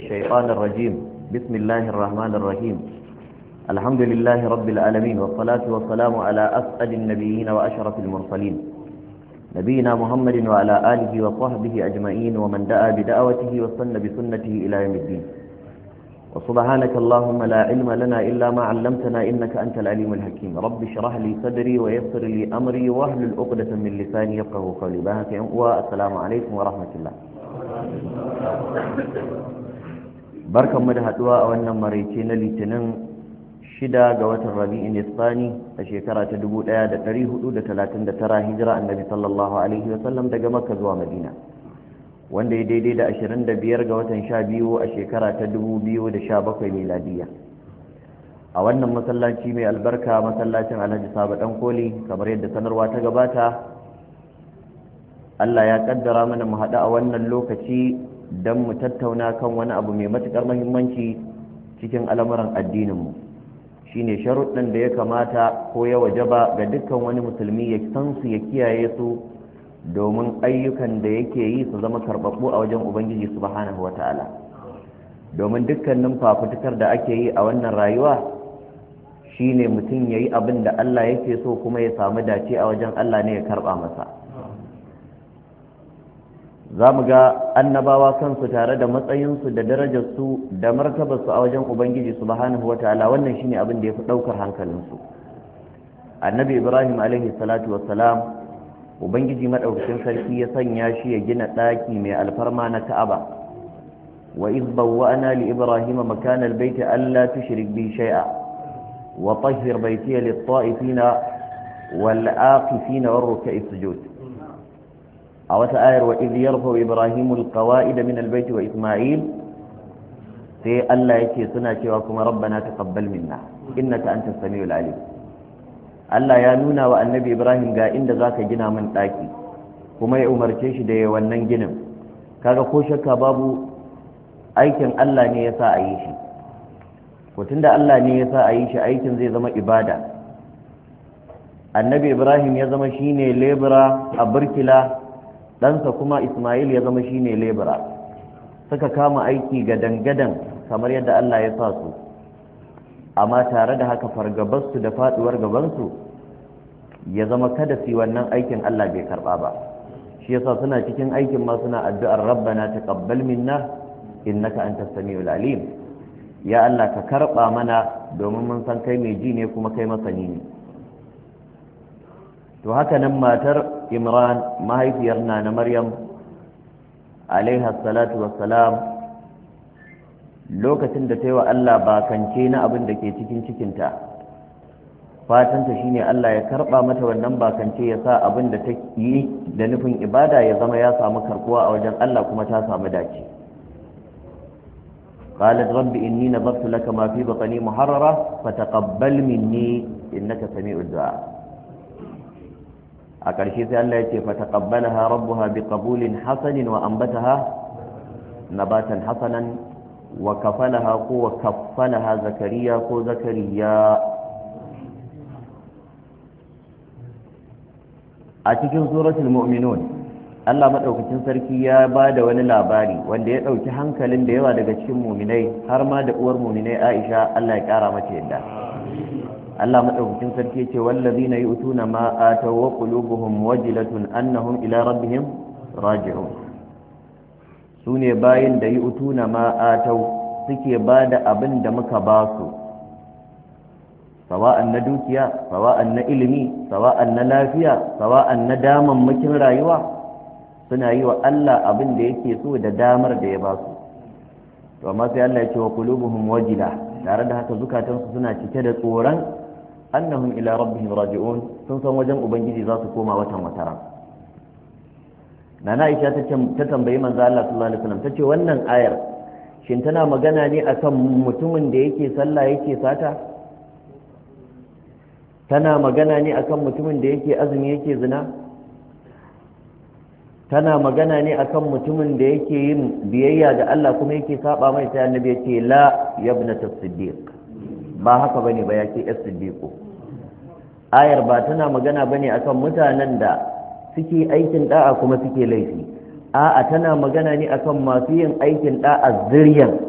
الشيطان الرجيم بسم الله الرحمن الرحيم الحمد لله رب العالمين والصلاة والسلام على أسأل النبيين وأشرف المرسلين نبينا محمد وعلى آله وصحبه أجمعين ومن دعا بدعوته وصن بسنته إلى يوم الدين وسبحانك اللهم لا علم لنا إلا ما علمتنا إنك أنت العليم الحكيم رب اشرح لي صدري ويسر لي أمري وأهل الأقدة من لساني يفقه قولي بها والسلام عليكم ورحمة الله mu da haduwa a wannan maraice na litinin shida ga watan rabi'in isfani a shekara ta 1439 hijira annabi sallallahu alaihi wasallam daga makka zuwa madina wanda ya daidai da 25 ga watan 12 a shekara ta 2017 miladiya a wannan masallaci mai albarka masallacin alhaji saba dan koli kamar yadda sanarwa ta gabata Allah ya kaddara mana mu haɗu a wannan lokaci don mu tattauna kan wani abu mai matuƙar muhimmanci cikin al'amuran addininmu shine sharuɗin da ya kamata ko ya wajaba ga dukkan wani musulmi ya san su ya kiyaye su domin ayyukan da yake yi su zama karɓaɓɓu a wajen ubangiji subhanahu wata'ala domin dukkanin fafutukar da ake yi a wannan rayuwa shine mutum ya yi abin da Allah yake so kuma ya samu dace a wajen Allah ne ya karɓa masa za mu ga annabawa kansu tare da matsayinsu da darajarsu da martabarsu a wajen ubangiji subhanahu wa ta'ala wannan shine abin da ya fi ɗaukar hankalinsu annabi ibrahim alaihi salatu ubangiji maɗaukacin sarki ya sanya shi ya gina ɗaki mai alfarma na ka'aba wa izbawwa'na li ibrahima makana allah alla tushrik bi shai'a wa tahhir baytiya lit na wal-aqifina war-ruk'i sujud a wata ayar wa idh yarfa ibrahimu alqawaid min albayt wa isma'il sai Allah yake suna cewa kuma rabbana taqabbal minna innaka antas samiul alim Allah ya nuna wa annabi Ibrahim ga inda zaka gina min daki kuma ya umarce shi da wannan ginin kaga ko shakka babu aikin Allah ne yasa a yi shi ko tunda Allah ne yasa a yi shi aikin zai zama ibada annabi Ibrahim ya zama shine lebura a burkila ɗansa kuma ismail ya zama shine lebura suka kama aiki ga dangadan kamar yadda allah ya sa su amma tare da haka fargabarsu da faɗuwar gabansu ya zama kada su wannan aikin allah bai karɓa ba shi yasa suna cikin aikin ma suna addu'ar rabbana taqabbal minna innaka antas samiul alim ya allah ka karɓa mana domin mun san kai mai ji ne kuma kai masani ne to haka nan matar imran mahaifiyar na na maryam alaiha salatu wassalam lokacin da ta yi wa allah bakance na abin da ke cikin cikinta fatanta shine allah ya karba mata wannan bakance ya sa abin da ta yi da nufin ibada ya zama ya samu karbuwa a wajen allah kuma ta samu dace قالت rabbi inni نظرت لك ما في بطني محررة فتقبل مني إنك سميع الدعاء a ƙarshe sai Allah ya ce fa taqabbalaha rabbuha biqabulin hasanin wa ambataha nabatan hasanan wa kafalaha ko wa kafalaha zakariya ko zakariya a cikin suratul mu'minun Allah maɗaukacin sarki ya ba da wani labari wanda ya ɗauki hankalin da yawa daga cikin muminai har ma da uwar muminai Aisha Allah ya ƙara mace yadda Allah madaukakin sarki yace wallazina yu'tuna ma ataw wa qulubuhum wajilatun annahum ila rabbihim raji'un sune bayin da yu'tuna ma ataw suke bada abin da muka ba su sawa'an na dukiya sawa'an na ilimi sawa'an na lafiya sawa'an na mukin rayuwa suna yi wa Allah abin da yake so da damar da ya ba su to amma sai Allah ya ce wa qulubuhum wajila tare da haka zukatansu suna cike da tsoron annahum ila rabbihim raji'un sun san wajen ubangiji za su koma watan wataran nana aisha ta tambayi manzo Allah sallallahu alaihi wasallam tace wannan ayar shin tana magana ne akan mutumin da yake sallah yake sata tana magana ne akan mutumin da yake azumi yake zina tana magana ne akan mutumin da yake yin biyayya da Allah kuma yake saba mai sai annabi yace la yabnata siddiq ba haka bane ba ya ce as-siddiqu ayar ba tana magana bane akan mutanen da suke aikin da'a kuma suke laifi a'a tana magana ne akan masu yin aikin da'a ziryan